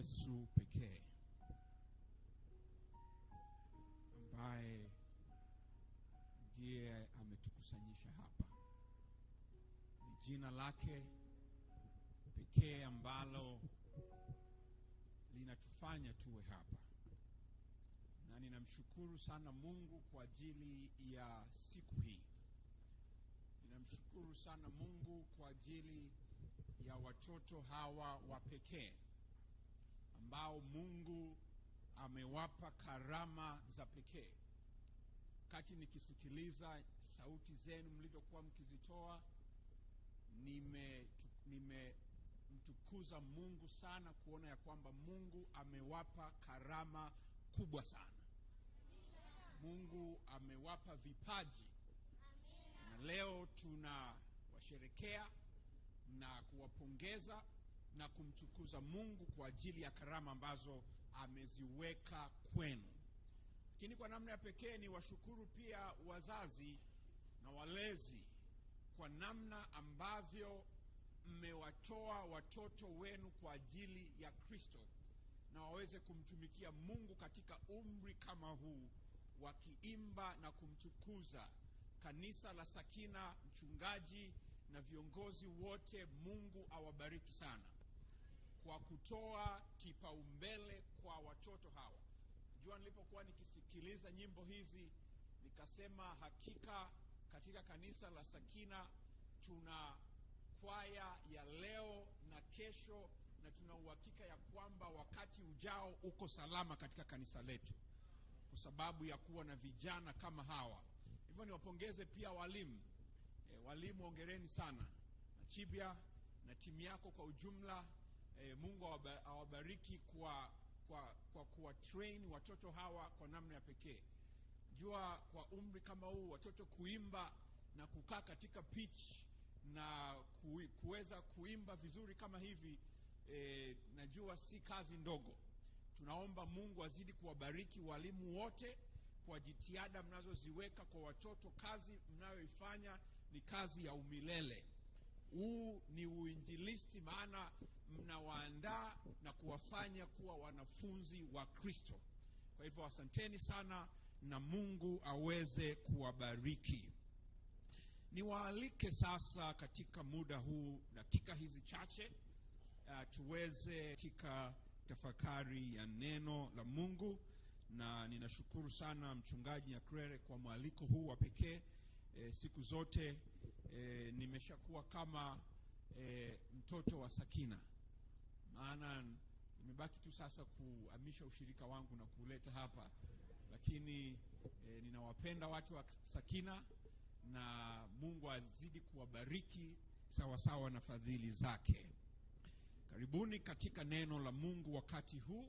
Yesu pekee ambaye ndiye ametukusanyisha hapa. Ni jina lake pekee ambalo linatufanya tuwe hapa, na ninamshukuru sana Mungu kwa ajili ya siku hii. Ninamshukuru sana Mungu kwa ajili ya watoto hawa wa pekee ambao Mungu amewapa karama za pekee. Wakati nikisikiliza sauti zenu mlivyokuwa mkizitoa, nimemtukuza nime Mungu sana kuona ya kwamba Mungu amewapa karama kubwa sana. Mungu amewapa vipaji na leo tuna washerekea na kuwapongeza na kumtukuza Mungu kwa ajili ya karama ambazo ameziweka kwenu. Lakini kwa namna ya pekee ni washukuru pia wazazi na walezi kwa namna ambavyo mmewatoa watoto wenu kwa ajili ya Kristo na waweze kumtumikia Mungu katika umri kama huu, wakiimba na kumtukuza. Kanisa la Sakina, mchungaji na viongozi wote, Mungu awabariki sana kwa kutoa kipaumbele kwa watoto hawa. Jua nilipokuwa nikisikiliza nyimbo hizi nikasema, hakika katika kanisa la Sakina tuna kwaya ya leo na kesho, na tuna uhakika ya kwamba wakati ujao uko salama katika kanisa letu kwa sababu ya kuwa na vijana kama hawa. Hivyo niwapongeze pia walimu e, walimu ongereni sana na Chibya na timu yako kwa ujumla e, Mungu awabariki kwa kwa kwa kuwa train watoto hawa kwa namna ya pekee. Jua kwa umri kama huu watoto kuimba na kukaa katika pitch na kuweza kuimba vizuri kama hivi e, najua si kazi ndogo. Tunaomba Mungu azidi kuwabariki walimu wote kwa jitihada mnazoziweka kwa watoto. Kazi mnayoifanya ni kazi ya umilele. Huu ni uinjilisti, maana mnawaandaa na kuwafanya kuwa wanafunzi wa Kristo. Kwa hivyo asanteni sana na Mungu aweze kuwabariki. Niwaalike sasa katika muda huu, dakika hizi chache, uh, tuweze katika tafakari ya neno la Mungu, na ninashukuru sana mchungaji Nyakrere kwa mwaliko huu wa pekee. E, siku zote e, nimeshakuwa kama e, mtoto wa Sakina maana nimebaki tu sasa kuhamisha ushirika wangu na kuleta hapa, lakini e, ninawapenda watu wa Sakina na Mungu azidi kuwabariki sawasawa na fadhili zake. Karibuni katika neno la Mungu wakati huu.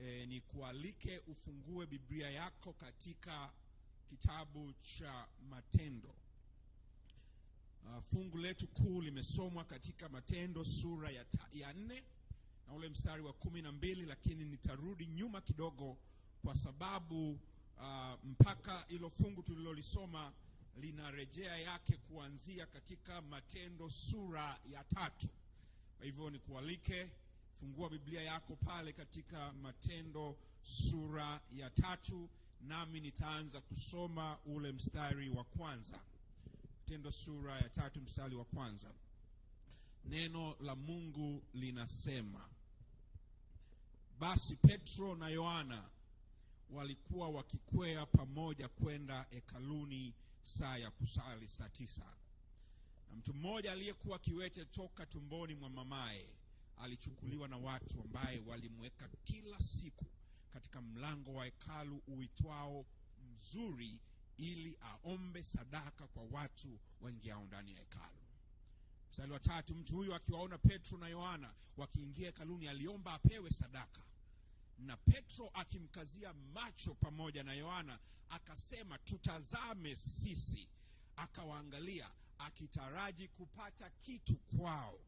E, eh, ni kualike ufungue Biblia yako katika kitabu cha Matendo. Uh, fungu letu kuu limesomwa katika Matendo sura ya, ya nne na ule mstari wa kumi na mbili, lakini nitarudi nyuma kidogo kwa sababu uh, mpaka ilo fungu tulilolisoma lina rejea yake kuanzia katika Matendo sura ya tatu. Kwa hivyo nikualike, fungua Biblia yako pale katika Matendo sura ya tatu, nami nitaanza kusoma ule mstari wa kwanza. Matendo sura ya tatu mstari wa kwanza. Neno la Mungu linasema basi Petro na Yohana walikuwa wakikwea pamoja kwenda hekaluni saa ya kusali, saa tisa. Na mtu mmoja aliyekuwa kiwete toka tumboni mwa mamaye alichukuliwa na watu ambaye walimweka kila siku katika mlango wa hekalu uitwao Mzuri, ili aombe sadaka kwa watu waingiao ndani ya hekalu mstari wa tatu, mtu huyu akiwaona Petro na Yohana wakiingia hekaluni aliomba apewe sadaka. Na Petro akimkazia macho pamoja na Yohana akasema, tutazame sisi. Akawaangalia akitaraji kupata kitu kwao,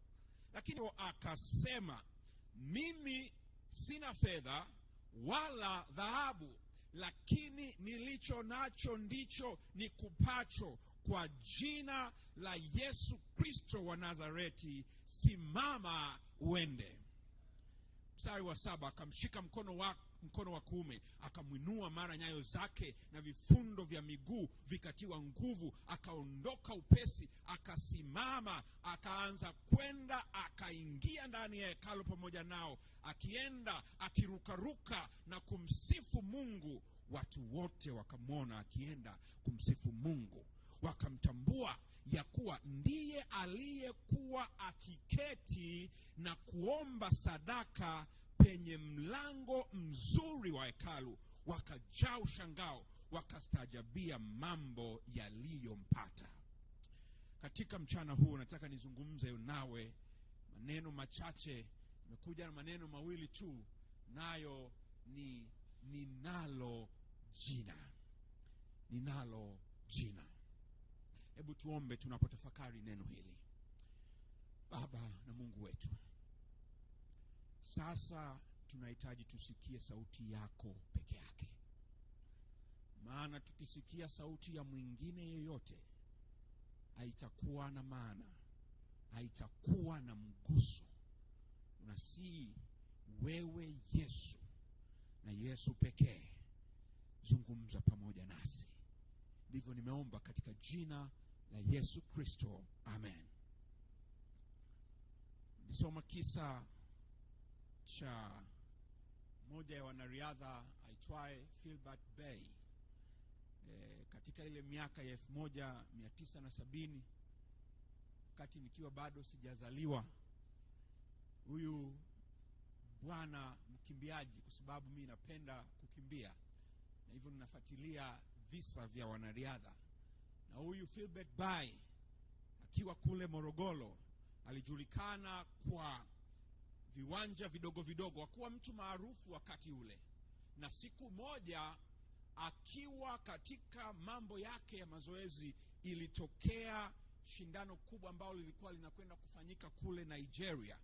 lakini akasema, mimi sina fedha wala dhahabu, lakini nilicho nacho ndicho nikupacho kwa jina la Yesu Kristo wa Nazareti, simama uende. Mstari wa saba, akamshika mkono wa mkono wa kuume akamwinua, mara nyayo zake na vifundo vya miguu vikatiwa nguvu, akaondoka upesi, akasimama, akaanza kwenda, akaingia ndani ya hekalo pamoja nao, akienda akirukaruka na kumsifu Mungu. Watu wote wakamwona akienda kumsifu Mungu wakamtambua ya kuwa ndiye aliyekuwa akiketi na kuomba sadaka penye mlango mzuri wa hekalu, wakajaa ushangao, wakastaajabia mambo yaliyompata. Katika mchana huu nataka nizungumze nawe maneno machache. Nimekuja na maneno mawili tu, nayo ni ninalo jina, ninalo jina Hebu tuombe tunapotafakari neno hili. Baba na Mungu wetu, sasa tunahitaji tusikie sauti yako peke yake, maana tukisikia sauti ya mwingine yeyote haitakuwa na maana, haitakuwa na mguso, na si wewe Yesu na Yesu pekee. Zungumza pamoja nasi, ndivyo nimeomba katika jina na Yesu Kristo, amen. Nisoma kisa cha mmoja ya wanariadha aitwaye Filbert Bay e, eh, katika ile miaka ya elfu moja mia tisa na sabini wakati nikiwa bado sijazaliwa. Huyu bwana mkimbiaji, kwa sababu mi napenda kukimbia na hivyo ninafuatilia visa vya wanariadha na huyu Philbert Bayi akiwa kule Morogoro alijulikana kwa viwanja vidogo vidogo, akuwa mtu maarufu wakati ule. Na siku moja akiwa katika mambo yake ya mazoezi, ilitokea shindano kubwa ambalo lilikuwa linakwenda kufanyika kule Nigeria,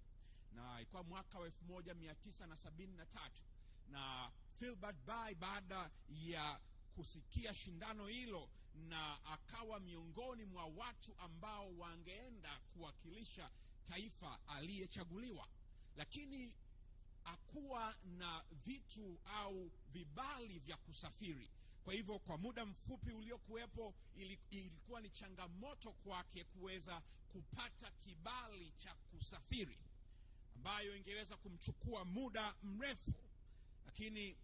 na ilikuwa mwaka wa elfu moja mia tisa na sabini na tatu na Philbert bay baada ya kusikia shindano hilo na akawa miongoni mwa watu ambao wangeenda kuwakilisha taifa aliyechaguliwa, lakini akuwa na vitu au vibali vya kusafiri. Kwa hivyo kwa muda mfupi uliokuwepo, ilikuwa ni changamoto kwake kuweza kupata kibali cha kusafiri ambayo ingeweza kumchukua muda mrefu, lakini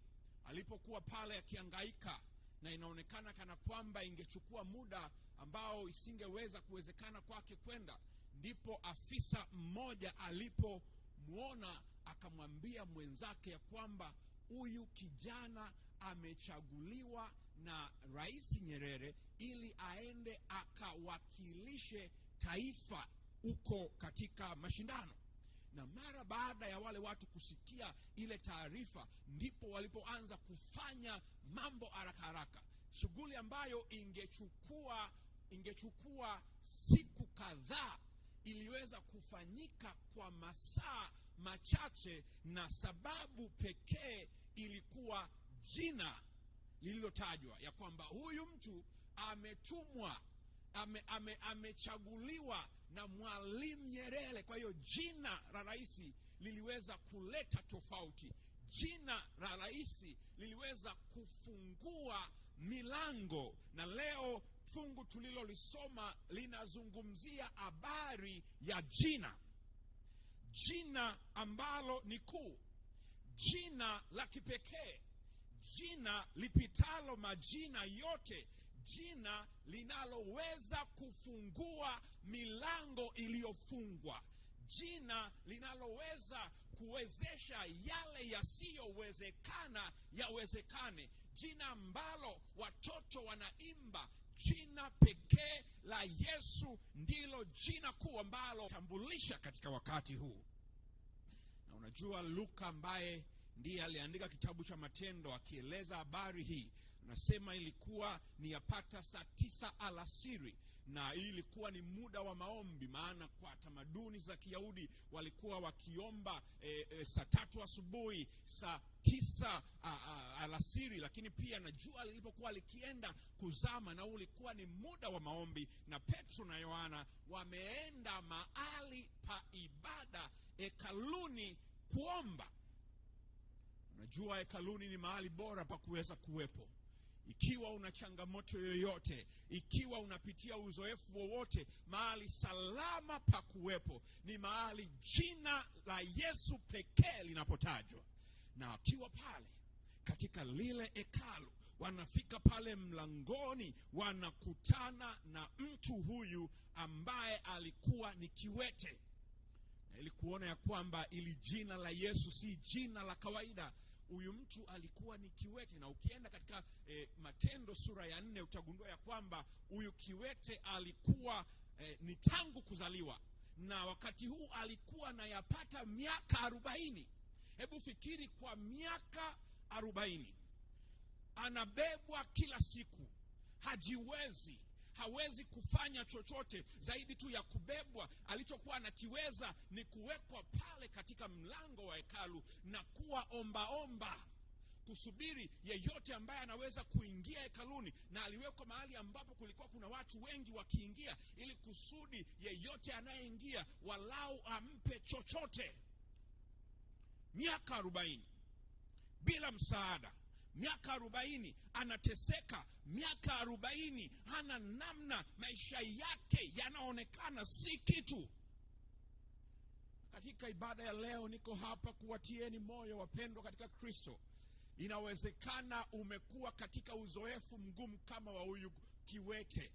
alipokuwa pale akiangaika na inaonekana kana kwamba ingechukua muda ambao isingeweza kuwezekana kwake kwenda, ndipo afisa mmoja alipomwona akamwambia mwenzake ya kwamba huyu kijana amechaguliwa na Rais Nyerere ili aende akawakilishe taifa huko katika mashindano. Na mara baada ya wale watu kusikia ile taarifa, ndipo walipoanza kufanya mambo haraka haraka, shughuli ambayo ingechukua ingechukua siku kadhaa iliweza kufanyika kwa masaa machache, na sababu pekee ilikuwa jina lililotajwa ya kwamba huyu mtu ametumwa ame, ame, amechaguliwa na Mwalimu Nyerere. Kwa hiyo jina la rais liliweza kuleta tofauti. Jina la rais liliweza kufungua milango, na leo fungu tulilolisoma linazungumzia habari ya jina, jina ambalo ni kuu, jina la kipekee, jina lipitalo majina yote, jina linaloweza kufungua milango iliyofungwa, jina linaloweza kuwezesha yale yasiyowezekana yawezekane, jina ambalo watoto wanaimba jina pekee la Yesu ndilo jina kuu ambalo tambulisha katika wakati huu. Na unajua Luka ambaye ndiye aliandika kitabu cha Matendo akieleza habari hii, anasema ilikuwa ni yapata saa tisa alasiri na ilikuwa ni muda wa maombi, maana kwa tamaduni za Kiyahudi walikuwa wakiomba e, e, saa tatu asubuhi, saa tisa alasiri, lakini pia na jua lilipokuwa likienda kuzama, na ulikuwa ni muda wa maombi. Na Petro na Yohana wameenda mahali pa ibada hekaluni kuomba. Unajua, hekaluni ni mahali bora pa kuweza kuwepo ikiwa una changamoto yoyote, ikiwa unapitia uzoefu wowote, mahali salama pa kuwepo ni mahali jina la Yesu pekee linapotajwa. Na wakiwa pale katika lile hekalu, wanafika pale mlangoni, wanakutana na mtu huyu ambaye alikuwa ni kiwete, ili kuona ya kwamba ili jina la Yesu si jina la kawaida huyu mtu alikuwa ni kiwete, na ukienda katika eh, Matendo sura ya nne utagundua ya kwamba huyu kiwete alikuwa eh, ni tangu kuzaliwa, na wakati huu alikuwa nayapata miaka arobaini. Hebu fikiri, kwa miaka arobaini anabebwa kila siku, hajiwezi hawezi kufanya chochote zaidi tu ya kubebwa. Alichokuwa anakiweza ni kuwekwa pale katika mlango wa hekalu na kuwa ombaomba omba kusubiri yeyote ambaye anaweza kuingia hekaluni, na aliwekwa mahali ambapo kulikuwa kuna watu wengi wakiingia, ili kusudi yeyote anayeingia walau ampe chochote. Miaka arobaini bila msaada, miaka arobaini anateseka, miaka arobaini hana namna, maisha yake yanaonekana si kitu. Katika ibada ya leo, niko hapa kuwatieni moyo wapendwa katika Kristo. Inawezekana umekuwa katika uzoefu mgumu kama wa huyu kiwete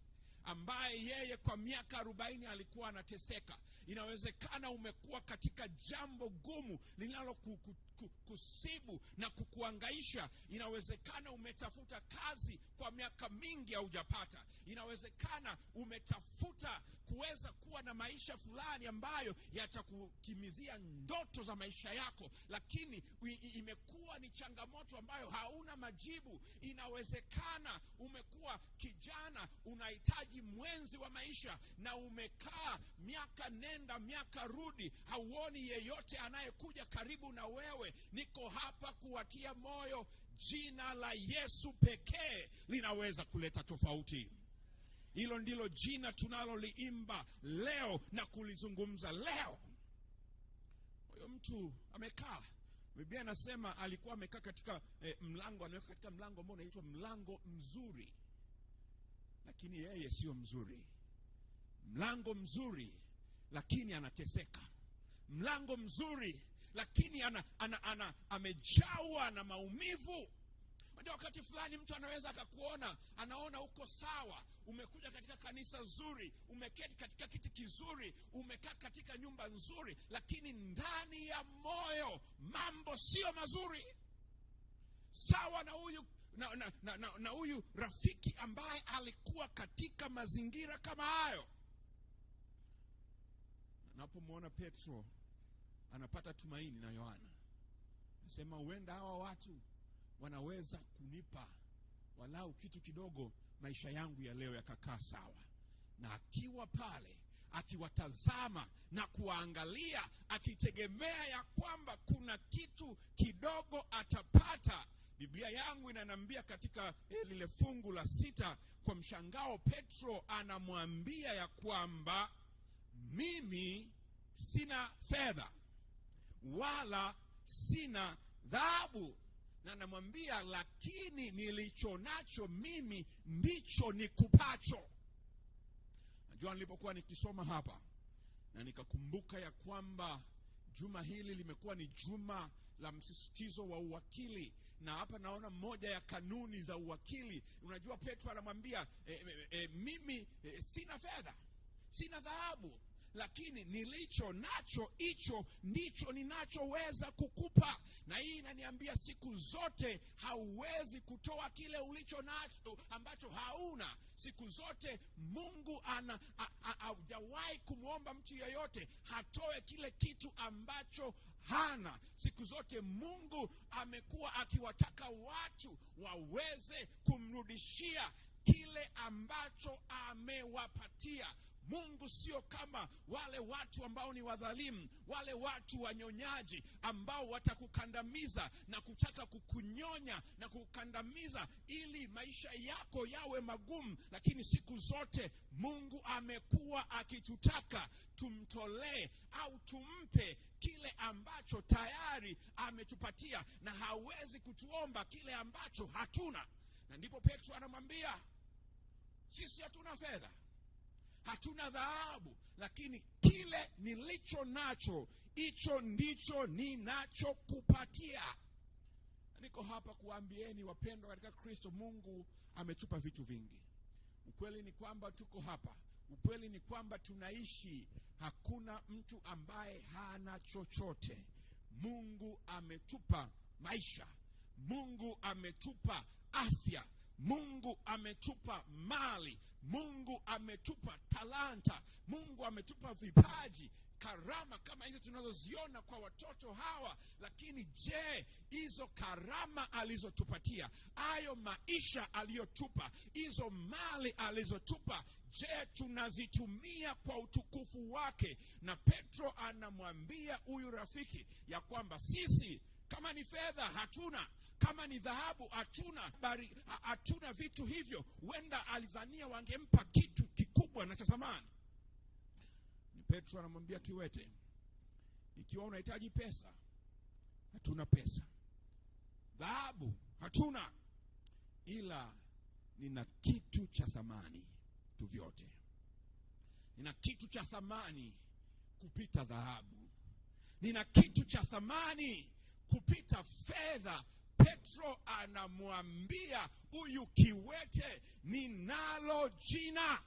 ambaye yeye kwa miaka arobaini alikuwa anateseka. Inawezekana umekuwa katika jambo gumu linalokusibu na kukuangaisha. Inawezekana umetafuta kazi kwa miaka mingi haujapata. Inawezekana umetafuta kuweza kuwa na maisha fulani ambayo yatakutimizia ndoto za maisha yako, lakini imekuwa ni changamoto ambayo hauna majibu. Inawezekana umekuwa kijana unahitaji unaji mwenzi wa maisha na umekaa miaka nenda miaka rudi, hauoni yeyote anayekuja karibu na wewe, niko hapa kuwatia moyo. Jina la Yesu pekee linaweza kuleta tofauti. Hilo ndilo jina tunaloliimba leo na kulizungumza leo. Huyo mtu amekaa, Biblia inasema alikuwa amekaa katika eh, mlango, anaweka katika mlango ambao unaitwa mlango mzuri lakini yeye sio mzuri. Mlango mzuri, lakini anateseka. Mlango mzuri, lakini ana, ana, ana, amejawa na maumivu. Unajua, wakati fulani mtu anaweza akakuona, anaona uko sawa, umekuja katika kanisa zuri, umeketi katika kiti kizuri, umekaa katika nyumba nzuri, lakini ndani ya moyo mambo sio mazuri. Sawa na huyu na, na, na, na, na huyu rafiki ambaye alikuwa katika mazingira kama hayo. Napomwona Petro anapata tumaini na Yohana, nasema huenda hawa watu wanaweza kunipa walau kitu kidogo, maisha yangu ya leo yakakaa sawa. Na akiwa pale akiwatazama na kuwaangalia, akitegemea ya kwamba kuna kitu kidogo atapata Biblia yangu inanambia katika eh, lile fungu la sita, kwa mshangao Petro anamwambia ya kwamba mimi sina fedha wala sina dhahabu, na anamwambia lakini nilicho nacho mimi ndicho nikupacho. Najua nilipokuwa nikisoma hapa na nikakumbuka ya kwamba juma hili limekuwa ni juma la msisitizo wa uwakili, na hapa naona moja ya kanuni za uwakili. Unajua Petro anamwambia e, e, e, mimi e, sina fedha, sina dhahabu lakini nilicho nacho hicho ndicho ninachoweza kukupa. Na hii inaniambia siku zote hauwezi kutoa kile ulicho nacho ambacho hauna. Siku zote Mungu ana hajawahi kumwomba mtu yeyote hatoe kile kitu ambacho hana. Siku zote Mungu amekuwa akiwataka watu waweze kumrudishia kile ambacho amewapatia. Mungu sio kama wale watu ambao ni wadhalimu, wale watu wanyonyaji ambao watakukandamiza na kutaka kukunyonya na kukandamiza ili maisha yako yawe magumu. Lakini siku zote Mungu amekuwa akitutaka tumtolee au tumpe kile ambacho tayari ametupatia, na hawezi kutuomba kile ambacho hatuna. Na ndipo Petro anamwambia sisi hatuna fedha hatuna dhahabu, lakini kile nilicho nacho hicho ndicho ninachokupatia. Niko hapa kuambieni wapendwa katika Kristo, Mungu ametupa vitu vingi. Ukweli ni kwamba tuko hapa, ukweli ni kwamba tunaishi. Hakuna mtu ambaye hana chochote. Mungu ametupa maisha, Mungu ametupa afya, Mungu ametupa mali Mungu ametupa talanta, Mungu ametupa vipaji, karama kama hizo tunazoziona kwa watoto hawa. Lakini je, hizo karama alizotupatia, ayo maisha aliyotupa, hizo mali alizotupa, je, tunazitumia kwa utukufu wake? Na Petro anamwambia huyu rafiki ya kwamba sisi kama ni fedha hatuna kama ni dhahabu hatuna, hatuna vitu hivyo. Huenda alizania wangempa kitu kikubwa na cha thamani. Ni Petro anamwambia kiwete, ikiwa unahitaji pesa, hatuna pesa, dhahabu hatuna, ila nina kitu cha thamani tu vyote. Nina kitu cha thamani kupita dhahabu, nina kitu cha thamani kupita fedha Petro anamwambia huyu kiwete, ninalo jina.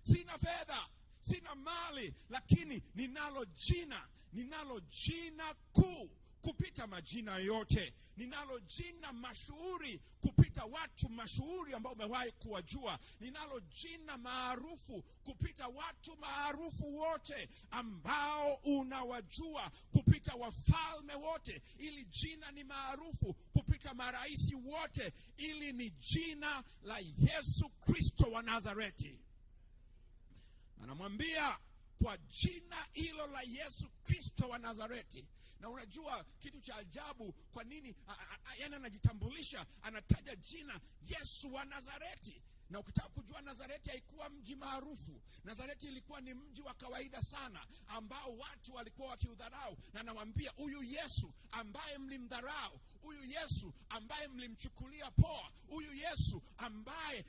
Sina fedha, sina mali, lakini ninalo jina, ninalo jina kuu kupita majina yote. Ninalo jina mashuhuri kupita watu mashuhuri ambao umewahi kuwajua. Ninalo jina maarufu kupita watu maarufu wote ambao unawajua, kupita wafalme wote. Ili jina ni maarufu kupita marais wote. Ili ni jina la Yesu Kristo wa Nazareti. Anamwambia kwa jina hilo la Yesu Kristo wa Nazareti na unajua kitu cha ajabu, kwa nini yani anajitambulisha, anataja jina Yesu wa Nazareti na ukitaka kujua Nazareti haikuwa mji maarufu. Nazareti ilikuwa ni mji wa kawaida sana ambao watu walikuwa wakiudharau, na anawambia huyu Yesu ambaye mlimdharau, huyu Yesu ambaye mlimchukulia poa, huyu Yesu ambaye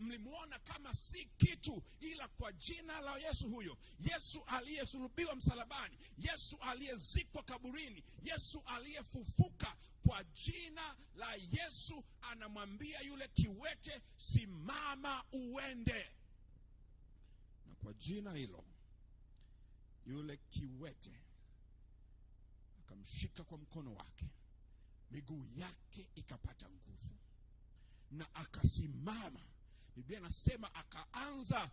mlimwona kama si kitu, ila kwa jina la Yesu huyo, Yesu aliyesulubiwa msalabani, Yesu aliyezikwa kaburini, Yesu aliyefufuka, kwa jina la Yesu anamwambia yule kiwete, simama uende. Na kwa jina hilo yule kiwete akamshika kwa mkono wake miguu yake ikapata nguvu na akasimama. Biblia nasema akaanza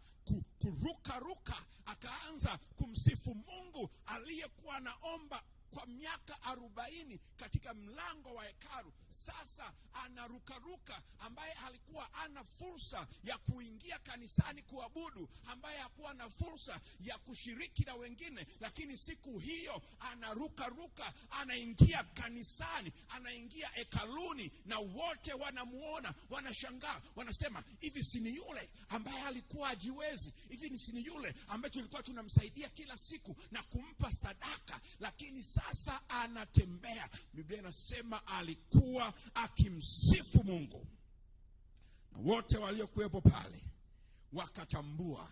kurukaruka, akaanza kumsifu Mungu aliyekuwa anaomba kwa miaka arobaini katika mlango wa hekalu. Sasa anarukaruka, ambaye alikuwa ana fursa ya kuingia kanisani kuabudu, ambaye hakuwa na fursa ya kushiriki na wengine, lakini siku hiyo anarukaruka, anaingia kanisani, anaingia hekaluni, na wote wanamuona, wanashangaa, wanasema hivi, si ni yule ambaye alikuwa ajiwezi? Hivi si ni yule ambaye tulikuwa tunamsaidia kila siku na kumpa sadaka, lakini sasa anatembea. Biblia inasema alikuwa akimsifu Mungu, na wote waliokuwepo pale wakatambua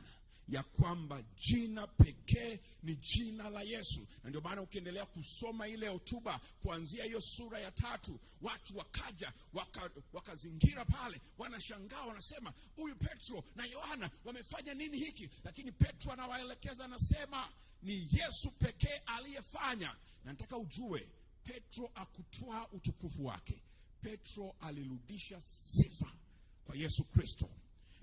ya kwamba jina pekee ni jina la Yesu. Na ndio maana ukiendelea kusoma ile hotuba kuanzia hiyo sura ya tatu, watu wakaja waka, wakazingira pale, wanashangaa wanasema, huyu Petro na Yohana wamefanya nini hiki? Lakini Petro anawaelekeza anasema, ni Yesu pekee aliyefanya. Na nataka ujue Petro akutwaa utukufu wake. Petro alirudisha sifa kwa Yesu Kristo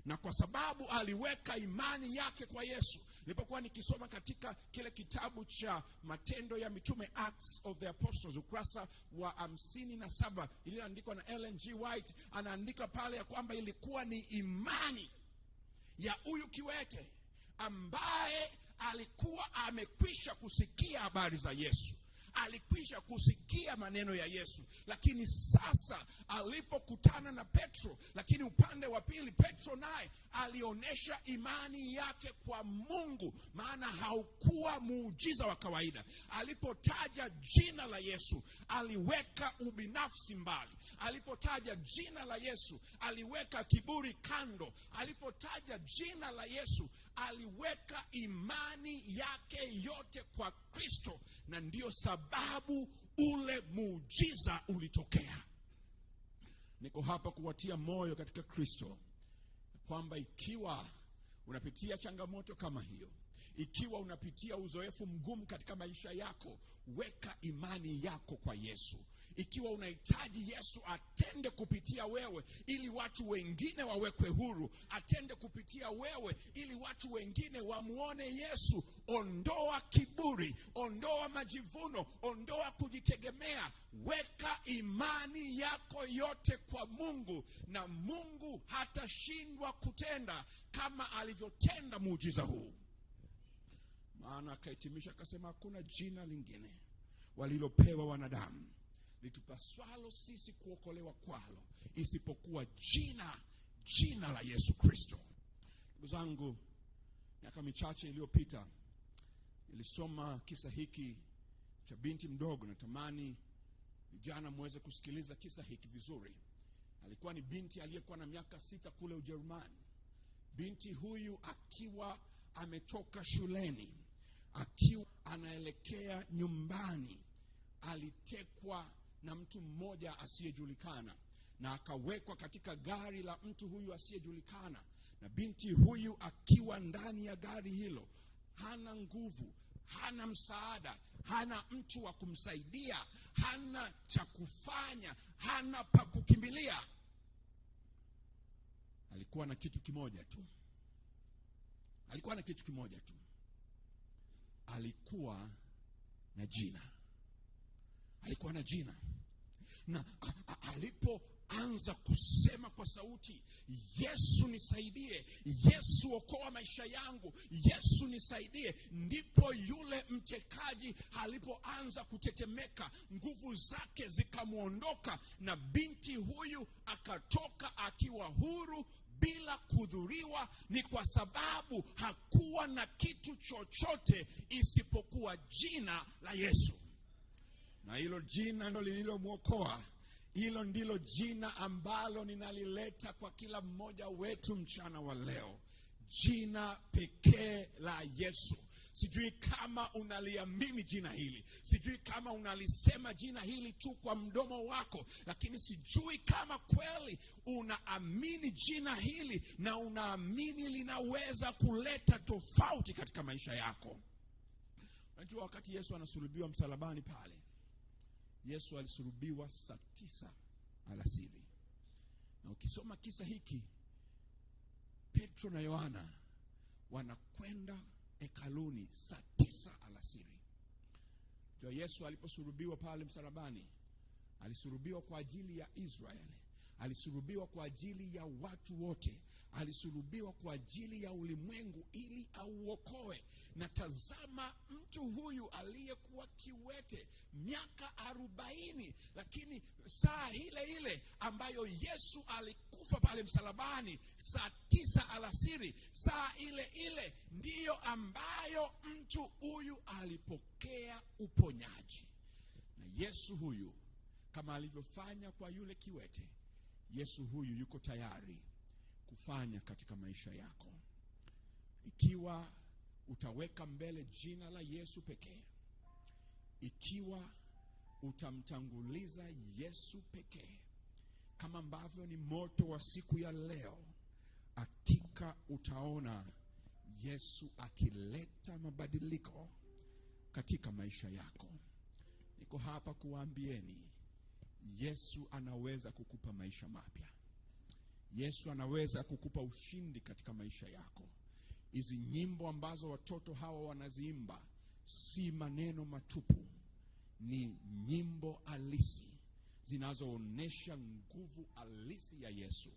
na kwa sababu aliweka imani yake kwa Yesu. Nilipokuwa nikisoma katika kile kitabu cha Matendo ya Mitume, Acts of the Apostles, ukurasa wa hamsini na saba iliyoandikwa na Ellen G. White, anaandika pale ya kwamba ilikuwa ni imani ya huyu kiwete ambaye alikuwa amekwisha kusikia habari za Yesu alikwisha kusikia maneno ya Yesu, lakini sasa alipokutana na Petro, lakini upande wa pili Petro naye alionyesha imani yake kwa Mungu, maana haukuwa muujiza wa kawaida. Alipotaja jina la Yesu aliweka ubinafsi mbali, alipotaja jina la Yesu aliweka kiburi kando, alipotaja jina la Yesu aliweka imani yake yote kwa Kristo, na ndiyo sababu ule muujiza ulitokea. Niko hapa kuwatia moyo katika Kristo kwamba ikiwa unapitia changamoto kama hiyo, ikiwa unapitia uzoefu mgumu katika maisha yako, weka imani yako kwa Yesu. Ikiwa unahitaji Yesu atende kupitia wewe ili watu wengine wawekwe huru, atende kupitia wewe ili watu wengine wamuone Yesu, ondoa kiburi, ondoa majivuno, ondoa kujitegemea, weka imani yako yote kwa Mungu, na Mungu hatashindwa kutenda kama alivyotenda muujiza huu. Maana akahitimisha akasema, hakuna jina lingine walilopewa wanadamu litupaswalo sisi kuokolewa kwalo, isipokuwa jina jina la Yesu Kristo. Ndugu zangu, miaka michache iliyopita nilisoma kisa hiki cha binti mdogo. Natamani vijana muweze kusikiliza kisa hiki vizuri. Alikuwa ni binti aliyekuwa na miaka sita kule Ujerumani. Binti huyu akiwa ametoka shuleni, akiwa anaelekea nyumbani, alitekwa na mtu mmoja asiyejulikana, na akawekwa katika gari la mtu huyu asiyejulikana, na binti huyu akiwa ndani ya gari hilo, hana nguvu, hana msaada, hana mtu wa kumsaidia, hana cha kufanya, hana pa kukimbilia. Alikuwa na kitu kimoja tu, alikuwa na kitu kimoja tu, alikuwa na jina alikuwa na jina na alipoanza kusema kwa sauti, Yesu nisaidie, Yesu okoa maisha yangu, Yesu nisaidie, ndipo yule mtekaji alipoanza kutetemeka, nguvu zake zikamwondoka, na binti huyu akatoka akiwa huru bila kudhuriwa. Ni kwa sababu hakuwa na kitu chochote isipokuwa jina la Yesu na hilo jina ndo lililomwokoa. Hilo ndilo jina ambalo ninalileta kwa kila mmoja wetu mchana wa leo, jina pekee la Yesu. Sijui kama unaliamini jina hili, sijui kama unalisema jina hili tu kwa mdomo wako, lakini sijui kama kweli unaamini jina hili na unaamini linaweza kuleta tofauti katika maisha yako. Unajua, wakati Yesu anasulubiwa msalabani pale Yesu alisulubiwa saa tisa alasiri, na ukisoma kisa hiki, Petro na Yohana wanakwenda hekaluni saa tisa alasiri. Ndio Yesu aliposulubiwa pale msalabani, alisulubiwa kwa ajili ya Israeli, alisulubiwa kwa ajili ya watu wote alisulubiwa kwa ajili ya ulimwengu ili auokoe. Na tazama, mtu huyu aliyekuwa kiwete miaka arobaini, lakini saa ile ile ambayo Yesu alikufa pale msalabani, saa tisa alasiri, saa ile ile ndiyo ambayo mtu huyu alipokea uponyaji. Na Yesu huyu kama alivyofanya kwa yule kiwete, Yesu huyu yuko tayari kufanya katika maisha yako. Ikiwa utaweka mbele jina la Yesu pekee, ikiwa utamtanguliza Yesu pekee, kama ambavyo ni moto wa siku ya leo, hakika utaona Yesu akileta mabadiliko katika maisha yako. Niko hapa kuwaambieni, Yesu anaweza kukupa maisha mapya. Yesu anaweza kukupa ushindi katika maisha yako. Hizi nyimbo ambazo watoto hawa wanaziimba si maneno matupu, ni nyimbo halisi zinazoonyesha nguvu halisi ya Yesu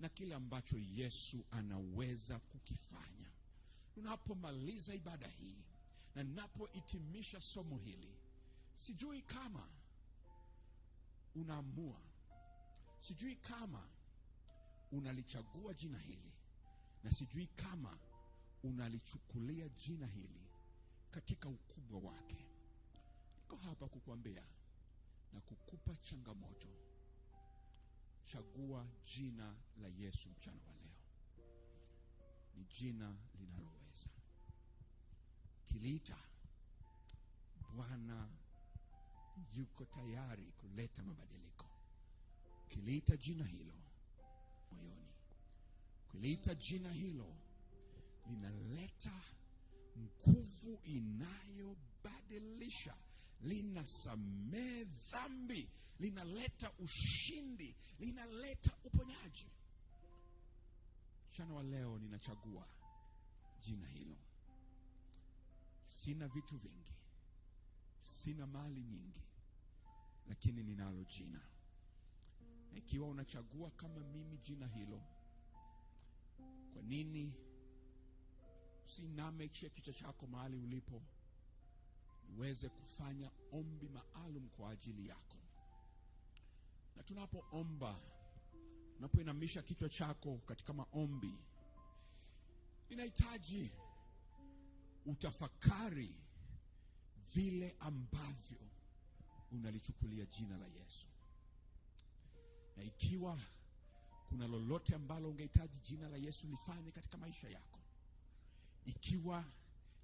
na kile ambacho Yesu anaweza kukifanya. Tunapomaliza ibada hii na napohitimisha somo hili, sijui kama unaamua, sijui kama unalichagua jina hili, na sijui kama unalichukulia jina hili katika ukubwa wake. Niko hapa kukuambia na kukupa changamoto. Chagua jina la Yesu mchana wa leo, ni jina linaloweza. Kiliita Bwana yuko tayari kuleta mabadiliko. Kiliita jina hilo moyoni. Kuliita jina hilo linaleta nguvu inayobadilisha, linasamehe dhambi, linaleta ushindi, linaleta uponyaji. Mchana wa leo ninachagua jina hilo. Sina vitu vingi, sina mali nyingi, lakini ninalo jina ikiwa unachagua kama mimi jina hilo, kwa nini usiname kisha kichwa chako mahali ulipo, niweze kufanya ombi maalum kwa ajili yako. Na tunapoomba, unapoinamisha kichwa chako katika maombi, inahitaji utafakari vile ambavyo unalichukulia jina la Yesu. Na ikiwa kuna lolote ambalo ungehitaji jina la Yesu lifanye katika maisha yako, ikiwa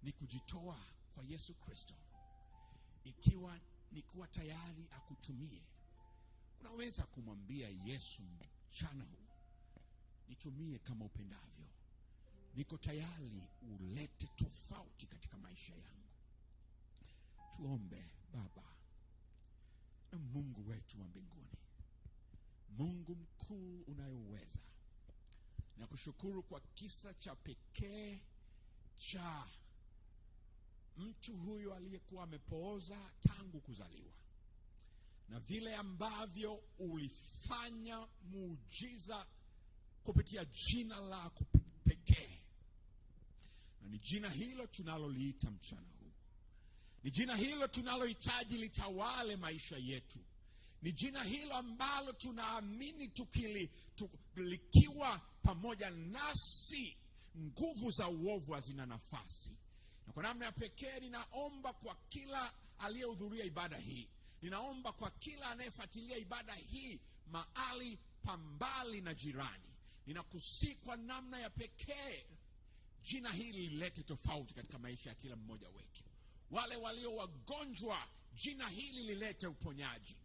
ni kujitoa kwa Yesu Kristo, ikiwa ni kuwa tayari akutumie, unaweza kumwambia Yesu, mchana huu nitumie kama upendavyo, niko tayari ulete tofauti katika maisha yangu. Tuombe. Baba na Mungu wetu wa mbinguni Mungu mkuu na nakushukuru kwa kisa cha pekee cha mtu huyu aliyekuwa amepooza tangu kuzaliwa, na vile ambavyo ulifanya muujiza kupitia jina lako pekee, na ni jina hilo tunaloliita mchana huu, ni jina hilo tunalohitaji litawale maisha yetu ni jina hilo ambalo tunaamini tukilikiwa pamoja nasi, nguvu za uovu hazina nafasi. Na kwa namna ya pekee ninaomba kwa kila aliyehudhuria ibada hii, ninaomba kwa kila anayefuatilia ibada hii maali pambali na jirani, ninakusi kwa namna ya pekee jina hili lilete tofauti katika maisha ya kila mmoja wetu. Wale walio wagonjwa, jina hili lilete uponyaji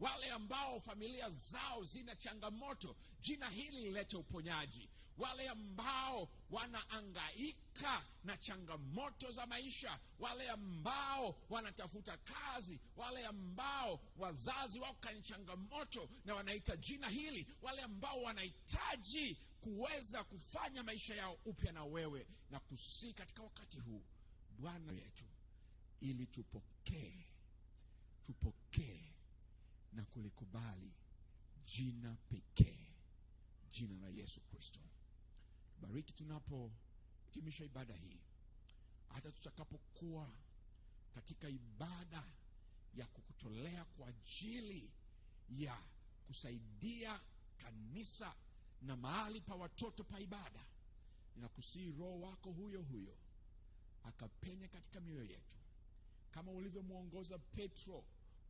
wale ambao familia zao zina changamoto, jina hili lilete uponyaji. Wale ambao wanaangaika na changamoto za maisha, wale ambao wanatafuta kazi, wale ambao wazazi wako kwenye changamoto na wanaita jina hili, wale ambao wanahitaji kuweza kufanya maisha yao upya na wewe na kusi katika wakati huu, Bwana yetu, ili tupokee, tupokee na kulikubali jina pekee, jina la Yesu Kristo. Bariki tunapotimisha ibada hii, hata tutakapokuwa katika ibada ya kukutolea kwa ajili ya kusaidia kanisa na mahali pa watoto pa ibada, ninakusihi Roho wako huyo huyo akapenya katika mioyo yetu kama ulivyomwongoza Petro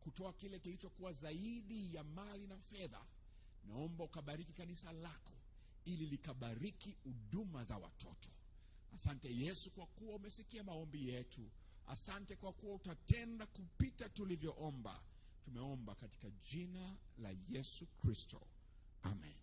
kutoa kile kilichokuwa zaidi ya mali na fedha, naomba ukabariki kanisa lako ili likabariki huduma za watoto. Asante Yesu kwa kuwa umesikia maombi yetu. Asante kwa kuwa utatenda kupita tulivyoomba. Tumeomba katika jina la Yesu Kristo, amen.